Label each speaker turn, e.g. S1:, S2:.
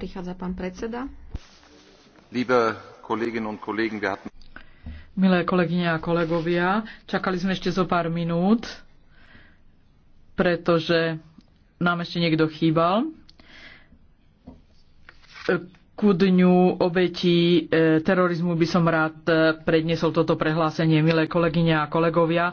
S1: Prichádza pán predseda.
S2: Milé kolegyne a kolegovia, čakali sme ešte zo pár minút, pretože nám ešte niekto chýbal. Ku dňu obetí e, terorizmu by som rád e, predniesol toto prehlásenie, milé
S3: kolegyne a kolegovia.